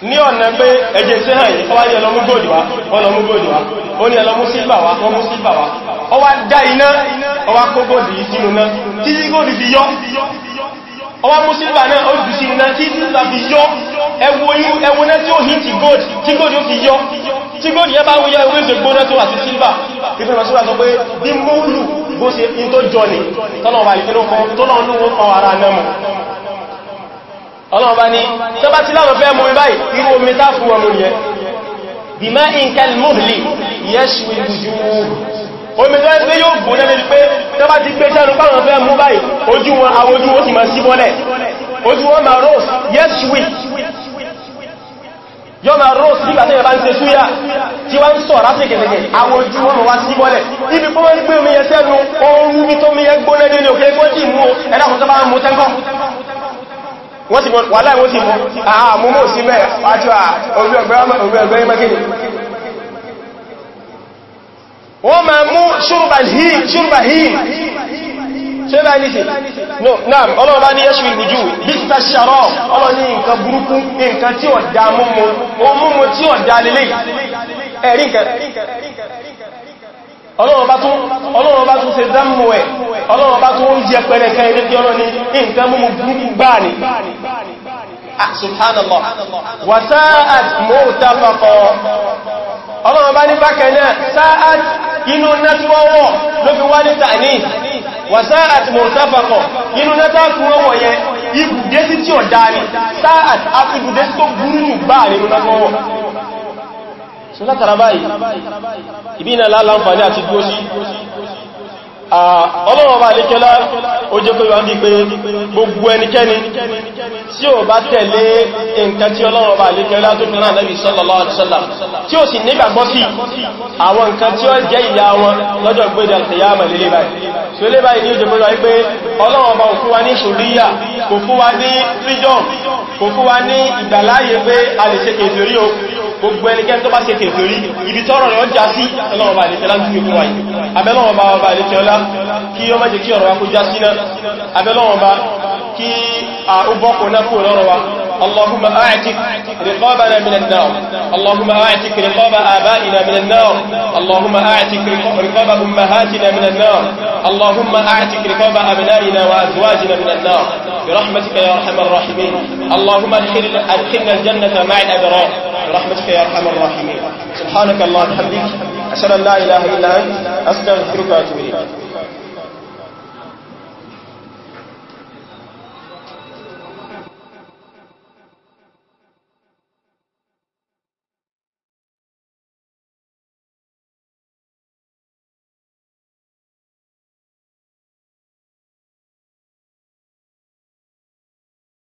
ní ọ̀nà pé ẹjẹ́ sí hàn yìí ọwá ní ẹlọmú góòdì wá wọ́n lọmú góòdì wá ó ní ẹlọmú sílvà wá wọ́n mú sílvà wá ọwá dá iná ọwá kó góòdì yìí sínú náà tí góòdì ti, yọ́ ọwá mú sílvà náà ó jù sí iná tí sílvà fi yọ́ ẹwọ náà tí ó hì tí gold tí gold ó fi yọ́ tí gold yẹ bá wú yọ ewé ìṣègbóná tó àti sílvà ìfẹ́lọ sílvà sọ pé bí múlù bó ṣe in tó jọ ní tọ́nà ọba ìfẹ́lọ́ omi tó ẹgbẹ́ yóò gbóná lè pé tó ti gbé sẹ́nu páwọn fẹ́ mú báyìí ojú wọn àwọn ojú wọn máa sí bọ́lẹ̀ ojú wọn máa rose yes we yọ máa rose nígbà tẹ́yẹ bá ń ṣe súyà tí wá ń sọ ráṣẹ́ gẹ̀gẹ̀ àwọn wọn wá sí bọ́lẹ̀ wọ́n ma mú ṣúrùbà hìn ṣe bá ní sí no naam ọlọ́ọ̀bá ní yẹ́ṣù ìrùjú bíta ṣàrọ̀ ọlọ́ ní nǹkan burúkú nǹkan tí ó dá múmú o múmú tí ó dá lélé ẹ̀rí nǹkan ọlọ́ọ̀bá tún ṣe dámú ẹ̀ ọlọ́ọ̀bá inú ná tí wọ́n wọ̀ ló fi wá ní tàní wàsá àti mọ̀tàfàkọ̀ inú ná táàkù wọ́n wọ̀ yẹn ibùdé sí tí ó dáni sáà afibùdé tó burú bá nínú ná tí látara báyìí ìbí ìnà láàlá ní àti dúó ọlọ́wọ́ba àdékẹ́lá ó jẹ́ pé wọ́n bí pé gbogbo ẹnikẹ́ni tí ó bá tẹ̀lé nǹkan tí ọlọ́wọ́ba àdékẹ́lá tó fún Ànábì sallallahu alaihi wasallam tí ó sì nígbàgbọ́ sí àwọn nǹkan tí ó jẹ́ ìyà wọn lọ́jọ́ gbédé al-qiyāmah lélé báyìí tí ó lé báyìí ní ìjọba wáyé pé ọlọ́wọ́ba ò fún wa ní ṣòríyà kò fún wa ní freedom kò fún wa ní ìgbàláyé pé a lè ṣe kèfèrí o gbogbo ẹnikẹ́ni tó bá ṣe kèfèrí ibi tọ́rọ̀ rẹ̀ ó já sí ọlọ́wọ́ba àdékẹ́lá ń fi fún wa yìí abẹ́lọ́wọ́ba ọba àdékẹ́lá kí ó má jẹ́ kí ọ̀rọ̀ wa kó já síná abẹ́lọ́wọ̀n bá kí a ó bọ́kọ̀ náà kó lọ́rọ̀ wa اللهم أعتق رقابنا من النار اللهم أعتق رقاب آبائنا من النار اللهم أعتق رقاب أمهاتنا من النار اللهم أعتق رقاب أبنائنا وأزواجنا من النار برحمتك يا أرحم الراحمين اللهم أدخلنا الجنة مع الأبرار برحمتك يا أرحم الراحمين سبحانك الله وبحمدك أشهد أن لا إله إلا أنت أستغفرك وأتوب إليك